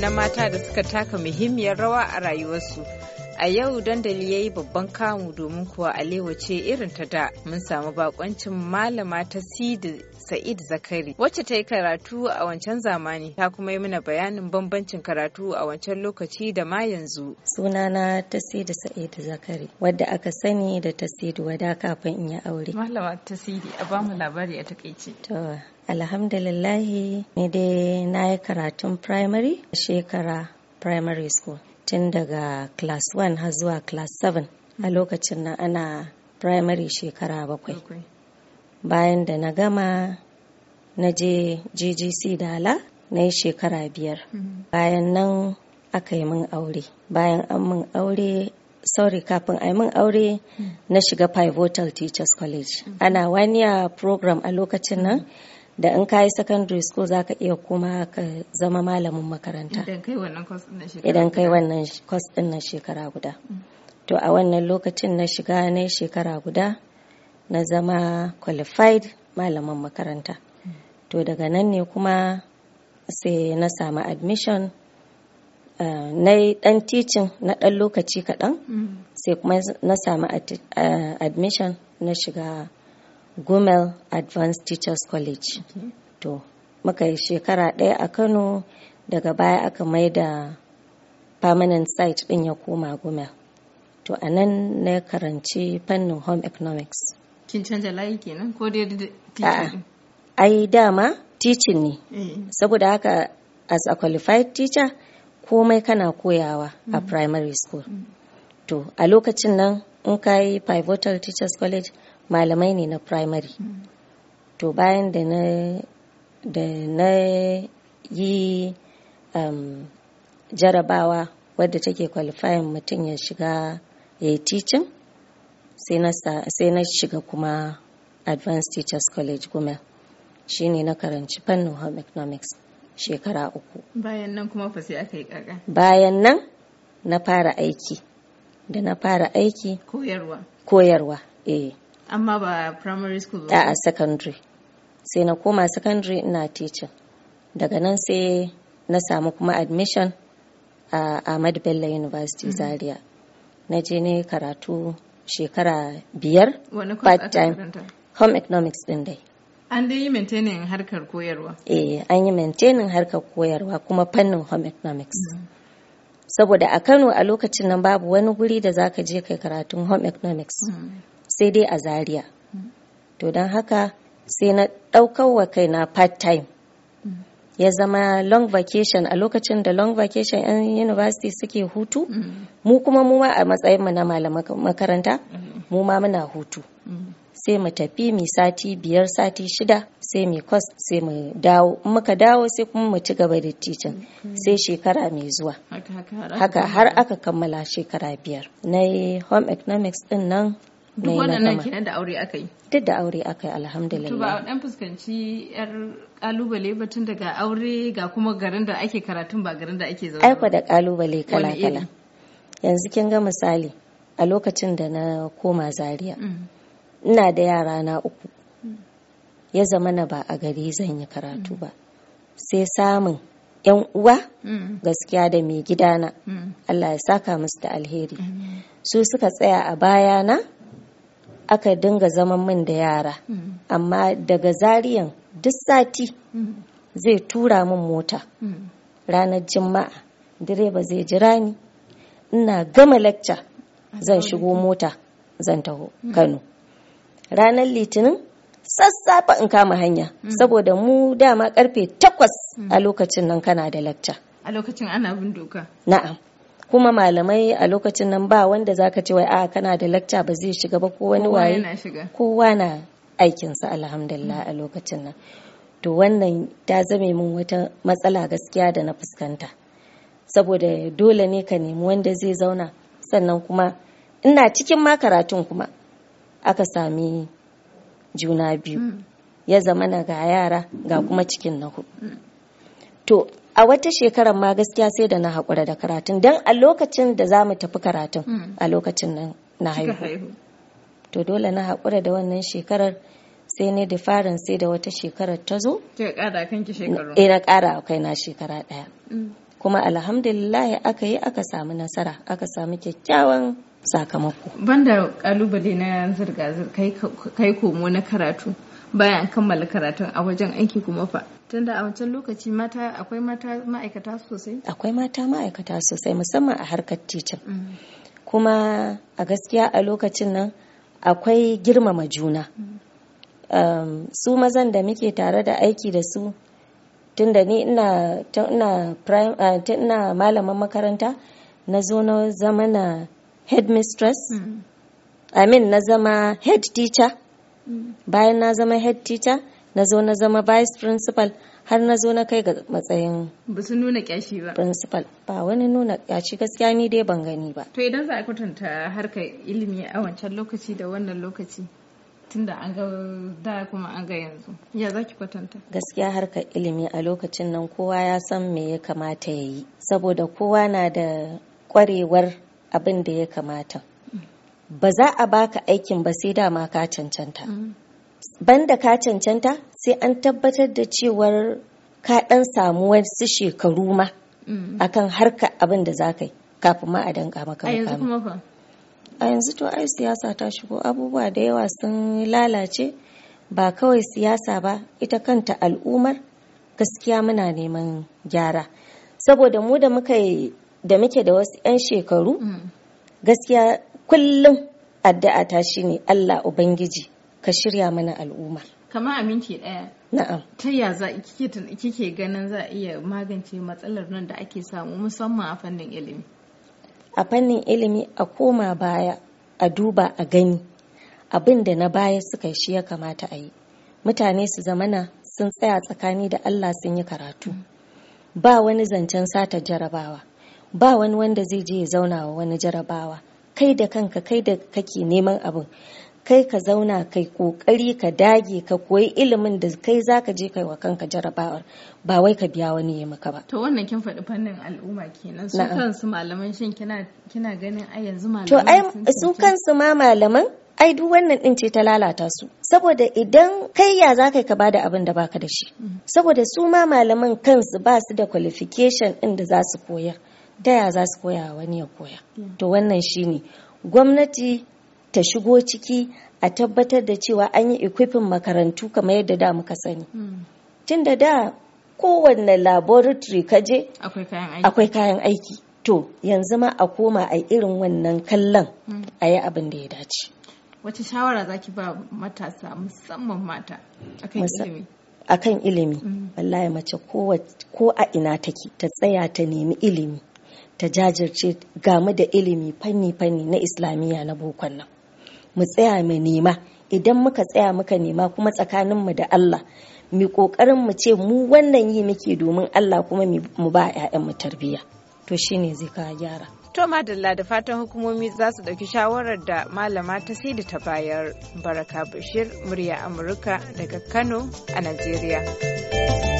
na mata da suka taka muhimmiyar rawa a rayuwarsu. A yau dandali ya yi babban kamu domin kuwa alewa ce irin ta da mun samu bakoncin malama ta sidi Sa'id Zakari wacce ta yi karatu a wancan zamani ta kuma yi mana bayanin bambancin karatu a wancan lokaci da ma yanzu. Sunana Tasidu Sa'id Zakari wadda aka sani da Tasidu wada kafin in yi aure. Malama Tasidi a bamu labari a takaice. To alhamdulillah ni dai na yi karatun primary shekara primary school tun daga class 1 har zuwa class 7 a lokacin nan ana primary shekara bakwai. bayan da na gama na je ggc dala na yi shekara biyar bayan nan aka yi min aure bayan an min aure sorry kafin a min aure na shiga pivotal teachers college ana waniya program a lokacin nan da in kayi secondary school za ka iya kuma ka zama malamin makaranta idan kai wannan kwas din na shekara guda to a wannan lokacin na shiga na shekara guda na zama qualified malaman makaranta to daga nan ne kuma sai na samu admission Uh, eh, na yi dan teaching na dan lokaci kaɗan sai kuma na samu uh, admission na shiga Gumel advanced teachers college to muka yi shekara ɗaya a kano daga baya aka mai da permanent site ɗin ya koma Gumel to a nan na karanci fannin home economics kin canza layi kenan ko dai teaching ai dama teaching ne eh. saboda haka as a qualified teacher komai kana koyawa a mm. primary school mm. to a lokacin nan in ka yi pivotal teachers college malamai ne na primary mm. to bayan da na da na yi um, jarabawa wadda take qualifying mutum ya shiga ya yi teaching sai na shiga kuma advanced teachers college shi ne na karanci fannin home economics shekara uku bayan nan kuma fa sai aka yi kaka bayan nan na fara aiki da na fara aiki koyarwa koyarwa eh amma ba primary school ba a secondary sai na koma secondary ina teaching daga nan sai na samu kuma admission a Ahmad Bello University mm-hmm. Zaria na je ne karatu shekara biyar part time home economics din dai an dai yi maintaining harkar koyarwa eh an yi maintaining harkar koyarwa kuma fannin home economics mm. saboda a kano a lokacin nan babu wani guri da za ka je kai karatun home economics mm. sai dai a zaria mm. to don haka sai na ɗaukar wa kaina part time ya zama long vacation a lokacin da long vacation 'yan university suke hutu mm. mu kuma mu ma a matsayin mu na malaman makaranta mm. mu ma muna hutu mm. sai mu tafi mu sati biyar sati shida sai mu kwas sai mu dawo muka dawo sai kuma mu ci gaba da titin sai shekara mai zuwa haka har aka kammala shekara biyar na home economics din nan duk waɗannan kenan da aure aka yi duk da aure aka yi alhamdulillah a ɗan fuskanci yar kalubale batun daga aure ga kuma garin da ake karatun ba garin da ake zaune aiko da kalubale kala kala yanzu kin ga misali a lokacin da na koma Zariya. Mm. ina da yara na uku ya zama na ba a gari zan yi karatu mm. ba sai samun yan uwa mm. gaskiya da mai gidana Allah ya saka musu da alheri su suka tsaya a bayana aka dinga zaman min da yara mm-hmm. amma daga zariyan duk sati mm-hmm. zai tura min mota mm-hmm. ranar jima'a direba zai jira ni ina gama lacca zan shigo mota zan taho kano ranar litinin sassafa in kama hanya saboda mu dama karfe takwas a lokacin nan kana da lacca a lokacin ana bin doka na'am kuma malamai a lokacin nan ba wanda za ka ce wai a kana da lacca ba zai shiga ba ko wani waye kowa na aikinsa alhamdulillah a lokacin nan to wannan ta zame min wata matsala gaskiya da na fuskanta saboda dole ne ka nemi wanda zai zauna sannan kuma ina cikin makaratun kuma aka sami juna biyu mm. ya zama na ga yara ga kuma cikin na hudu mm. to a wata shekarar ma gaskiya sai da na haƙura da karatun don a lokacin da za mu tafi karatun hmm. a lokacin nan na haihu to dole na haƙura da wannan shekarar sai ne da farin sai da wata shekarar ta zo eh, na ƙara kai na shekara ɗaya hmm. kuma alhamdulillah aka yi aka samu nasara aka samu kyakkyawan sakamako banda kalubale na zirga-zirga kai komo na karatu bayan kammala karatun a wajen aiki kuma fa tunda a wancan lokaci mata akwai mata ma'aikata sosai akwai mata ma'aikata sosai musamman a harkar titin mm. kuma a gaskiya a lokacin nan akwai girmama juna mm. um, su mazan da muke tare da aiki da su tun ni ina eh, malaman makaranta na zo na zama na headmistress mm. amin na zama head teacher bayan na zama head teacher na zo na zama vice principal har na zo na kai ga matsayin ba su nuna kyashi ba principal ba wani nuna kyashi gaskiya ni dai ban gani ba to idan za a kwatanta harkar ilimi a wancan lokaci da wannan lokaci tunda an ga da kuma an ga yanzu ya za ki kwatanta gaskiya harkar ilimi a lokacin nan kowa ya san me ya kamata ya yi saboda kowa na da kwarewar abin da ya kamata mm. ba za a baka aikin ba sai dama ka cancanta mm. banda ka cancanta sai an tabbatar da cewar ka ɗan samu wasu shekaru ma mm. akan harka abin da za ka yi kafin ma a danka maka mukami a yanzu to ai siyasa ta shigo abubuwa da yawa sun lalace ba kawai siyasa ba ita kanta al'ummar gaskiya muna neman gyara saboda mu da muka da muke da wasu 'yan shekaru mm. gaskiya kullum addu'a ta shine Allah Ubangiji ka shirya mana al'umma kamar a minti ɗaya na'am ta ya za kike ganin za a iya magance matsalar nan da ake samu musamman a fannin ilimi a fannin ilimi a koma baya a duba a gani abin da na baya suka shi ya kamata a yi mutane su zamana sun tsaya tsakani da allah sun yi karatu ba wani zancen sata jarabawa ba wani wanda zai je ya zauna wa wani jarabawa kai da kanka kai da kake neman abin kai ka zauna kai kokari ka dage ka koyi ilimin da kai zaka je kai wa kanka jarabawar ba wai ka biya wani ya maka ba to wannan kin faɗi fannin al'umma kenan su kansu malaman shin kina ganin ai yanzu malaman to ai su kansu ma malaman ai duk wannan din ce ta lalata su saboda idan kai ya za ka bada abin da baka da shi mm-hmm. saboda su ma malaman kansu ba su da qualification din da za su koyar ta ya za su koya wani ya koya to wannan shine gwamnati ta shigo ciki a tabbatar da cewa an yi equipping makarantu kamar yadda da muka sani hmm. tun da da kowanne laboratory kaje akwai kayan aiki to yanzu ma a koma a irin wannan kallon hmm. a yi abin da ya dace wace shawara zaki ba matasa musamman mata akan ilimi akan ilimi hmm. mace ko a ina take ta tsaya ta nemi ilimi ta jajirce game da ilimi fanni-fanni na islamiyya na bokon nan mu tsaya mu nema idan muka tsaya muka nema kuma tsakaninmu da Allah mu kokarin mu ce mu wannan yi muke domin Allah kuma mu ba mu tarbiyya to shine zai kawo gyara to madalla da fatan hukumomi za su ɗauki shawarar da malama ta sai da ta bayar baraka bashir murya amurka daga kano a najeriya